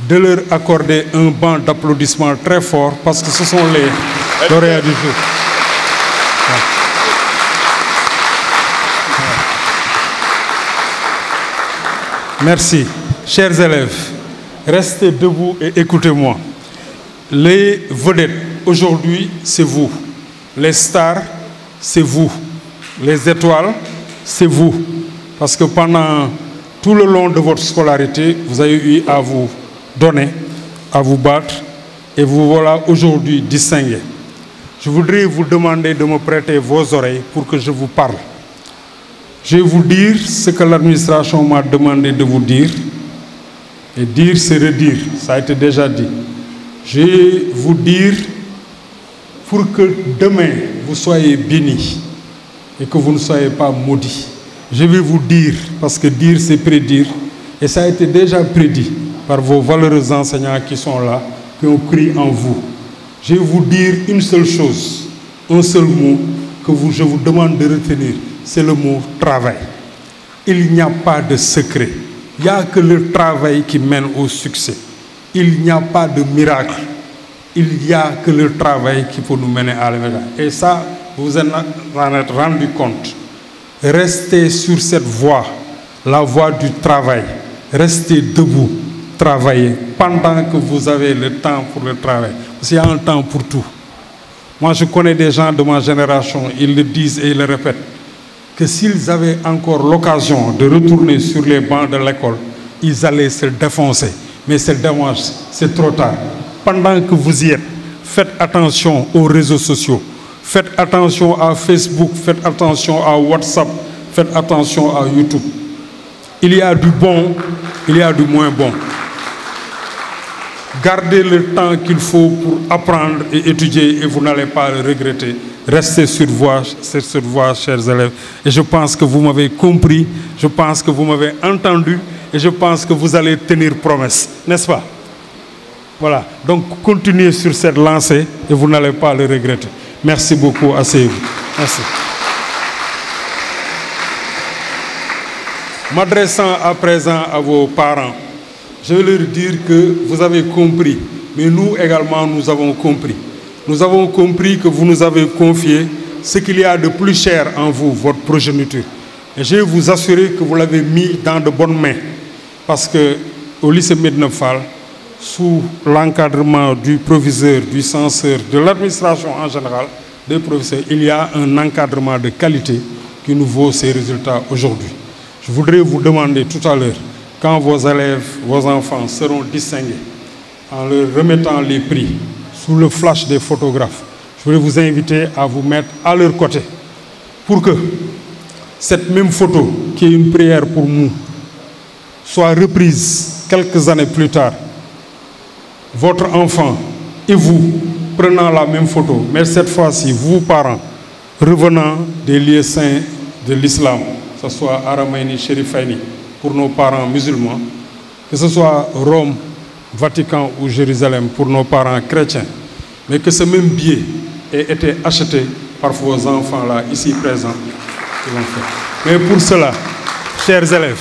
de leur accorder un banc d'applaudissements très fort parce que ce sont les lauréats du jeu. Merci. Chers élèves, restez debout et écoutez-moi. Les vedettes, aujourd'hui, c'est vous. Les stars, c'est vous. Les étoiles, c'est vous. Parce que pendant tout le long de votre scolarité, vous avez eu à vous donner, à vous battre, et vous voilà aujourd'hui distingué. Je voudrais vous demander de me prêter vos oreilles pour que je vous parle. Je vais vous dire ce que l'administration m'a demandé de vous dire. Et dire, c'est redire. Ça a été déjà dit. Je vais vous dire pour que demain vous soyez bénis et que vous ne soyez pas maudits. Je vais vous dire, parce que dire c'est prédire, et ça a été déjà prédit par vos valeureux enseignants qui sont là, qui ont cru en vous. Je vais vous dire une seule chose, un seul mot que vous, je vous demande de retenir, c'est le mot travail. Il n'y a pas de secret, il n'y a que le travail qui mène au succès il n'y a pas de miracle. Il n'y a que le travail qui peut nous mener à l'événement. Et ça, vous en êtes rendu compte. Restez sur cette voie, la voie du travail. Restez debout, travaillez pendant que vous avez le temps pour le travail. Parce il y a un temps pour tout. Moi, je connais des gens de ma génération, ils le disent et ils le répètent, que s'ils avaient encore l'occasion de retourner sur les bancs de l'école, ils allaient se défoncer mais c'est dommage, c'est trop tard. Pendant que vous y êtes, faites attention aux réseaux sociaux, faites attention à Facebook, faites attention à WhatsApp, faites attention à YouTube. Il y a du bon, il y a du moins bon. Gardez le temps qu'il faut pour apprendre et étudier et vous n'allez pas le regretter. Restez sur voie, sur voie, chers élèves. Et je pense que vous m'avez compris, je pense que vous m'avez entendu et je pense que vous allez tenir promesse, n'est-ce pas Voilà, donc continuez sur cette lancée et vous n'allez pas le regretter. Merci beaucoup, asseyez-vous. Merci. M'adressant à présent à vos parents, je vais leur dire que vous avez compris, mais nous également, nous avons compris. Nous avons compris que vous nous avez confié ce qu'il y a de plus cher en vous, votre progéniture. Et je vais vous assurer que vous l'avez mis dans de bonnes mains parce que au lycée Medneufal, sous l'encadrement du proviseur, du censeur, de l'administration en général, des professeurs, il y a un encadrement de qualité qui nous vaut ces résultats aujourd'hui. Je voudrais vous demander tout à l'heure, quand vos élèves, vos enfants seront distingués, en leur remettant les prix sous le flash des photographes, je voudrais vous inviter à vous mettre à leur côté pour que cette même photo, qui est une prière pour nous, soit reprise quelques années plus tard, votre enfant et vous prenant la même photo, mais cette fois-ci, vous parents, revenant des lieux saints de l'islam, que ce soit Aramaini, Chérifaini, pour nos parents musulmans, que ce soit Rome, Vatican ou Jérusalem pour nos parents chrétiens, mais que ce même billet ait été acheté par vos enfants là, ici présents. Mais pour cela, chers élèves,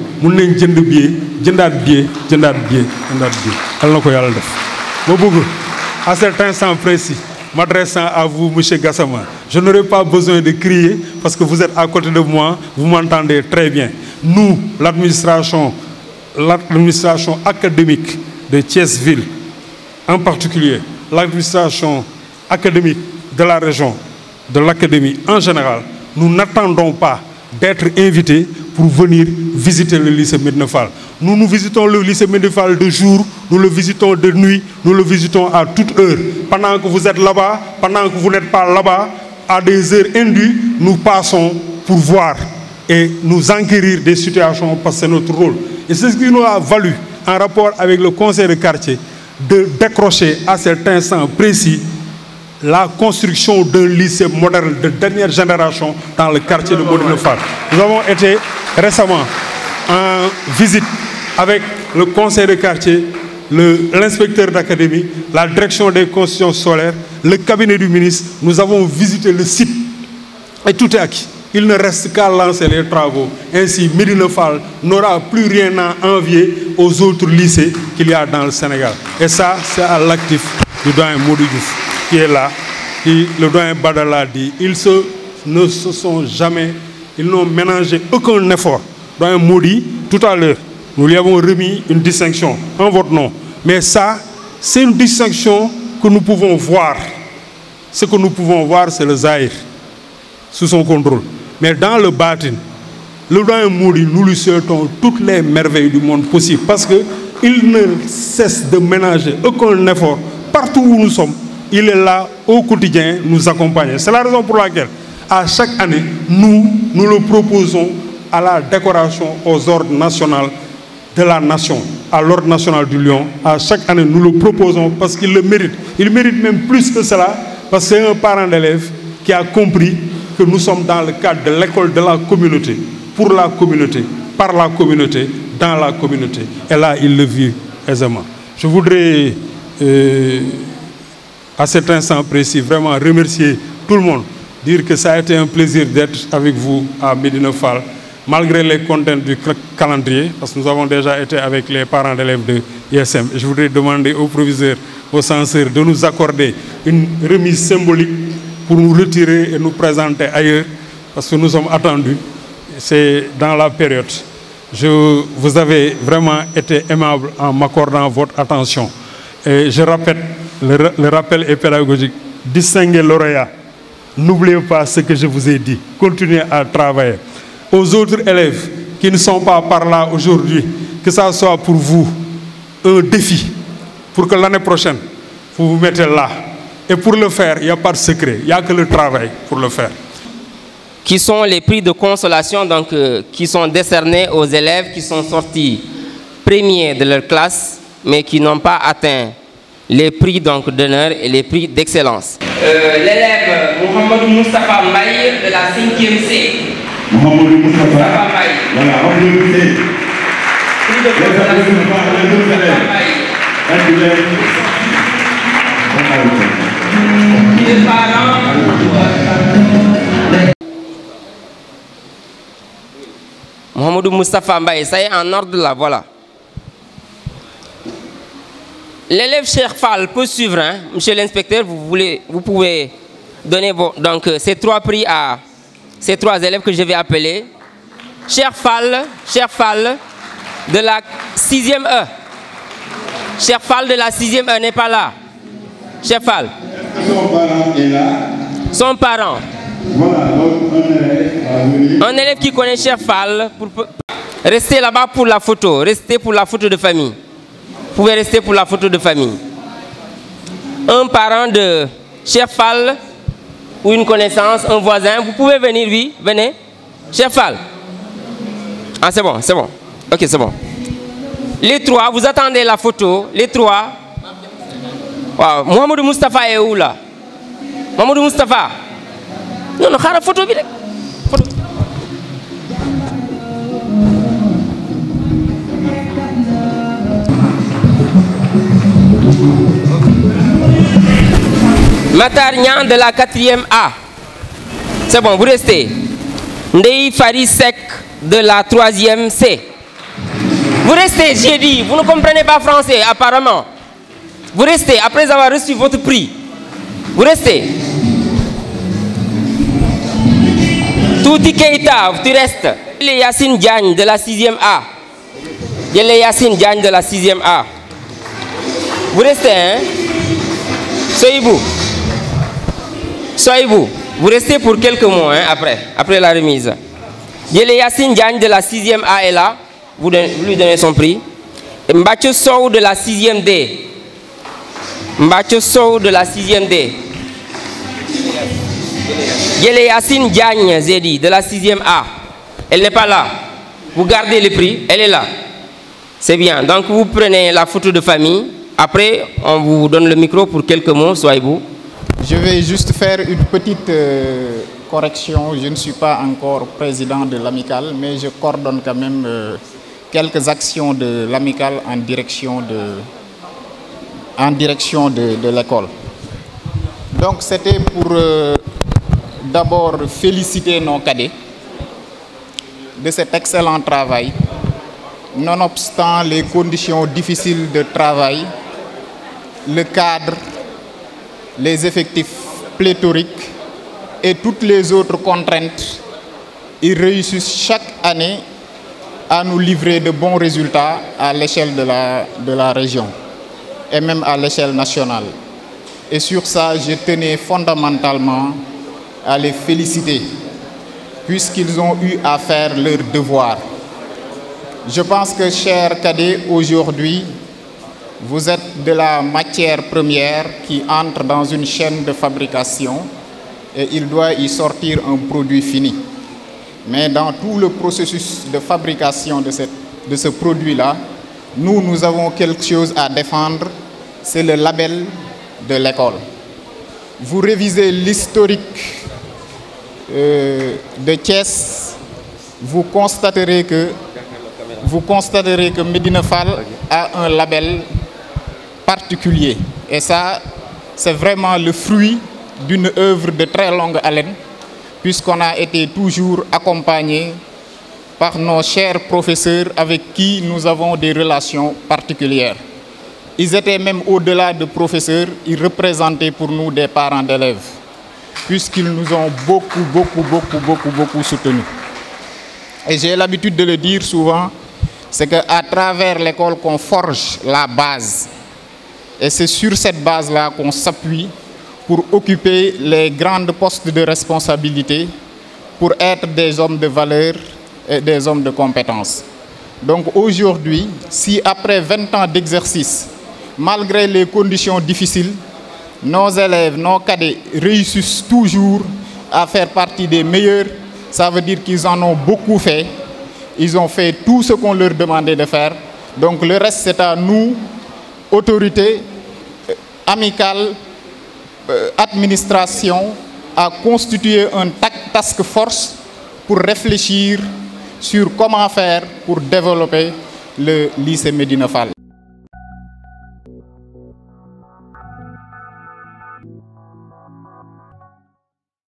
nañ jënd à certains temps précis m'adressant à vous monsieur Gassama je n'aurai pas besoin de crier parce que vous êtes à côté de moi vous m'entendez très bien nous l'administration l'administration académique de thiès en particulier l'administration académique de la région de l'académie en général nous n'attendons pas d'être invité pour venir visiter le lycée Mednefal. Nous, nous visitons le lycée Mednefal de jour, nous le visitons de nuit, nous le visitons à toute heure. Pendant que vous êtes là-bas, pendant que vous n'êtes pas là-bas, à des heures indues, nous passons pour voir et nous enquérir des situations parce que c'est notre rôle. Et c'est ce qui nous a valu, en rapport avec le conseil de quartier, de décrocher à certains instants précis la construction d'un lycée moderne de dernière génération dans le quartier de Modinefal. Nous avons été récemment en visite avec le conseil de quartier, l'inspecteur d'académie, la direction des constructions solaires, le cabinet du ministre. Nous avons visité le site et tout est acquis. Il ne reste qu'à lancer les travaux. Ainsi, Médinefal n'aura plus rien à envier aux autres lycées qu'il y a dans le Sénégal. Et ça, c'est à l'actif du doyen Diouf qui est là, qui, le doyen Badala dit, ils se, ne se sont jamais, ils n'ont ménagé aucun effort. Le Doyen Moudi, tout à l'heure, nous lui avons remis une distinction en votre nom. Mais ça, c'est une distinction que nous pouvons voir. Ce que nous pouvons voir, c'est le Zahir sous son contrôle. Mais dans le Batin, le doyen Moudi, nous lui souhaitons toutes les merveilles du monde possible parce qu'il ne cesse de ménager aucun effort partout où nous sommes il est là au quotidien, nous accompagner. C'est la raison pour laquelle, à chaque année, nous, nous le proposons à la décoration aux ordres nationaux de la nation, à l'ordre national du Lion. À chaque année, nous le proposons parce qu'il le mérite. Il mérite même plus que cela, parce que c'est un parent d'élève qui a compris que nous sommes dans le cadre de l'école de la communauté, pour la communauté, par la communauté, dans la communauté. Et là, il le vit aisément. Je voudrais... Euh, à cet instant précis, vraiment remercier tout le monde, dire que ça a été un plaisir d'être avec vous à Medina malgré les contraintes du calendrier, parce que nous avons déjà été avec les parents d'élèves de ISM. Je voudrais demander au proviseur, au censeur, de nous accorder une remise symbolique pour nous retirer et nous présenter ailleurs, parce que nous sommes attendus. C'est dans la période. Je, vous avez vraiment été aimable en m'accordant votre attention. Et je répète le, rappel est pédagogique. Distinguez lauréat. N'oubliez pas ce que je vous ai dit. Continuez à travailler. Aux autres élèves qui ne sont pas par là aujourd'hui, que ça soit pour vous un défi pour que l'année prochaine, vous vous mettez là. Et pour le faire, il n'y a pas de secret, il n'y a que le travail pour le faire. Qui sont les prix de consolation euh, qui sont décernés aux élèves qui sont sortis premiers de leur classe, mais qui n'ont pas atteint les prix donc d'honneur et les prix d'excellence. Euh, l'élève Mohamed Moustapha Mbaye de la 5e C. Mohamed Moustapha Mbaye. Voilà, Mohamed Prix de de Moustapha Mbaye, ça y est en ordre là, voilà. L'élève Cherfal peut suivre, hein? monsieur l'inspecteur, vous, voulez, vous pouvez donner donc, euh, ces trois prix à ces trois élèves que je vais appeler. Cherfal, Cherfal de la 6e E. Cherfal de la 6e E n'est pas là. Cherfal. Son parent est là. Son parent. Voilà, donc un élève qui connaît Cherfal, pour, restez là-bas pour la photo, restez pour la photo de famille. Vous pouvez rester pour la photo de famille. Un parent de chef ou une connaissance, un voisin, vous pouvez venir, lui. venez. Chef Ah, c'est bon, c'est bon. Ok, c'est bon. Les trois, vous attendez la photo, les trois. Wow. Mohamed Mustafa est où là Mohamed Mustafa Non, non, la photo, Nyan de la 4e A. C'est bon, vous restez. Ndei Farisek de la 3e C. Vous restez, j'ai dit, vous ne comprenez pas français apparemment. Vous restez, après avoir reçu votre prix. Vous restez. Touti Keita, tu restes. Yelé Yassine Diagne de la 6e A. Yele Yassine Diagne de la 6e A. Vous restez, hein Soyez-vous. Soyez-vous, vous restez pour quelques mois hein, après, après la remise. Yele Yassine Diagne de la 6e A est là, vous, lui donnez son prix. Mbacho Sow de la 6e D. Mbacho Sow de la 6e D. Yele Yassine Diagne Zedi de la 6e A. Elle n'est pas là. Vous gardez le prix, elle est là. C'est bien. Donc vous prenez la photo de famille. Après, on vous donne le micro pour quelques mots, soyez-vous. Je vais juste faire une petite euh, correction. Je ne suis pas encore président de l'amicale, mais je coordonne quand même euh, quelques actions de l'amicale en direction de, en direction de, l'école. Donc c'était pour euh, d'abord féliciter nos cadets de cet excellent travail, nonobstant les conditions difficiles de travail, le cadre les effectifs pléthoriques et toutes les autres contraintes, ils réussissent chaque année à nous livrer de bons résultats à l'échelle de la, de la région et même à l'échelle nationale. Et sur ça, je tenais fondamentalement à les féliciter puisqu'ils ont eu à faire leur devoir. Je pense que, chers cadets, aujourd'hui, vous êtes de la matière première qui entre dans une chaîne de fabrication et il doit y sortir un produit fini. Mais dans tout le processus de fabrication de, cette, de ce produit-là, nous, nous avons quelque chose à défendre, c'est le label de l'école. Vous révisez l'historique euh, de Thiès, vous constaterez que vous constaterez que Medina a un label particulier. Et ça, c'est vraiment le fruit d'une œuvre de très longue haleine, puisqu'on a été toujours accompagné par nos chers professeurs avec qui nous avons des relations particulières. Ils étaient même au-delà de professeurs, ils représentaient pour nous des parents d'élèves, puisqu'ils nous ont beaucoup, beaucoup, beaucoup, beaucoup, beaucoup soutenus. Et j'ai l'habitude de le dire souvent, c'est qu'à travers l'école qu'on forge la base et c'est sur cette base-là qu'on s'appuie pour occuper les grandes postes de responsabilité, pour être des hommes de valeur et des hommes de compétences. Donc aujourd'hui, si après 20 ans d'exercice, malgré les conditions difficiles, nos élèves, nos cadets réussissent toujours à faire partie des meilleurs, ça veut dire qu'ils en ont beaucoup fait. Ils ont fait tout ce qu'on leur demandait de faire. Donc le reste, c'est à nous, autorités, amicale euh, administration a constitué un task force pour réfléchir sur comment faire pour développer le lycée Medina